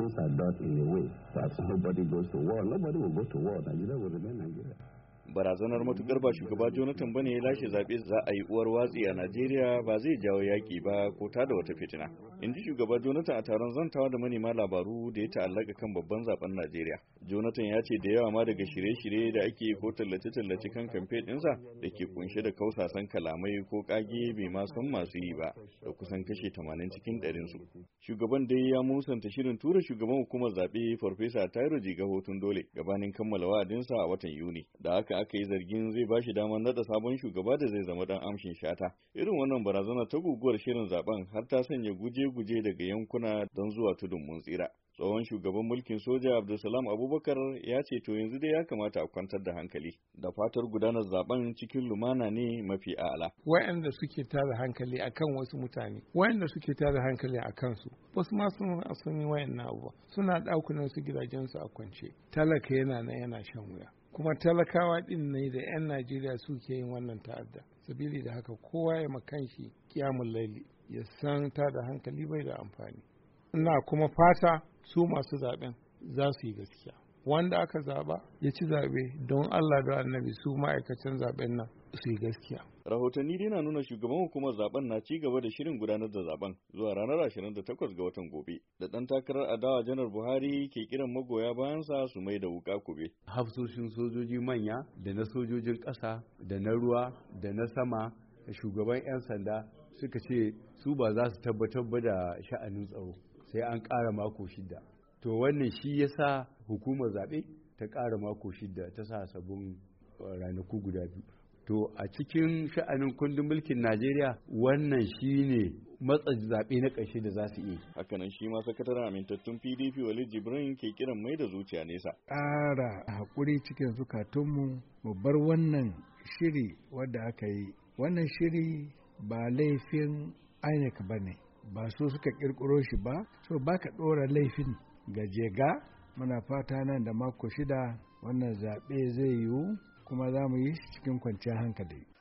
things are done in a way that nobody goes to war, nobody will go to war. Nigeria will remain Nigeria. barazanar matukar ba shugaba jonathan bane ya lashe zaɓe za a yi uwar watsi a najeriya ba zai jawo yaƙi ba ko ta da wata fitina in ji shugaba jonathan a taron zantawa da manema labaru da ya ta'allaka kan babban zaben najeriya jonathan ya ce da yawa ma daga shirye-shirye da ake ko tallace-tallace kan kamfe ɗinsa da ke kunshe da kausasan kalamai ko ƙage bai ma san masu yi ba da kusan kashe tamanin cikin ɗarinsu. shugaban dai ya musanta shirin tura shugaban hukumar zaɓe farfesa tairo jiga tun dole gabanin kammala wa'adinsa a watan yuni da haka aka yi zargin zai ba shi damar nada sabon shugaba da zai zama dan amshin shata. Irin wannan barazana ta guguwar shirin zaben har ta sanya guje-guje daga yankuna don zuwa tudun mun tsira. tsohon shugaban mulkin soja abdulsalam abubakar ya ce to yanzu dai ya kamata a kwantar da hankali da fatar gudanar zaben cikin lumana ne mafi ala wayanda suke tada hankali akan wasu mutane wayanda suke tada hankali a kansu wasu ma sun asuni wayannan abubuwa suna ɗakunan su gidajensu a kwance talaka yana nan yana shan wuya kuma talakawa ɗin ne da 'yan najeriya suke yin wannan ta'adda sabili da haka kowa ya makanshi kiyamun laili ya san ta da hankali bai da amfani ina kuma fata su masu zaben za su yi gaskiya wanda aka zaba ya ci zaɓe don Allah da annabi su ma'aikacin zaɓen nan su yi gaskiya. Rahotanni dai na nuna shugaban hukumar zaben na ci gaba da shirin gudanar da zaben zuwa ranar 28 ga watan gobe da ɗan takarar adawa janar Buhari ke kiran magoya bayan sa su mai da wuka kube. Hafsoshin sojoji manya da na sojojin ƙasa da na ruwa da na sama shugaban 'yan sanda suka ce su ba za su tabbatar ba da sha'anin tsaro sai an ƙara mako shida. to wannan shi yasa hukumar zaɓe ta ƙara mako shida ta sa sabon uh, ranaku guda biyu to a cikin sha'anin kundin mulkin najeriya wannan shi ne matsa zaɓe na ƙarshe da za su iya hakanan shi ma sakataren amintattun pdp Wale jibrin ke kiran mai da zuciya nesa ƙara haƙuri cikin zukatunmu mu bar wannan shiri wadda aka yi wannan shiri ba laifin inec ba ne ba su suka ƙirƙiro shi ba so baka ɗora laifin gajega muna fata nan da mako shida wannan zaɓe zai yiwu kuma za mu yi cikin kwanciyar hankali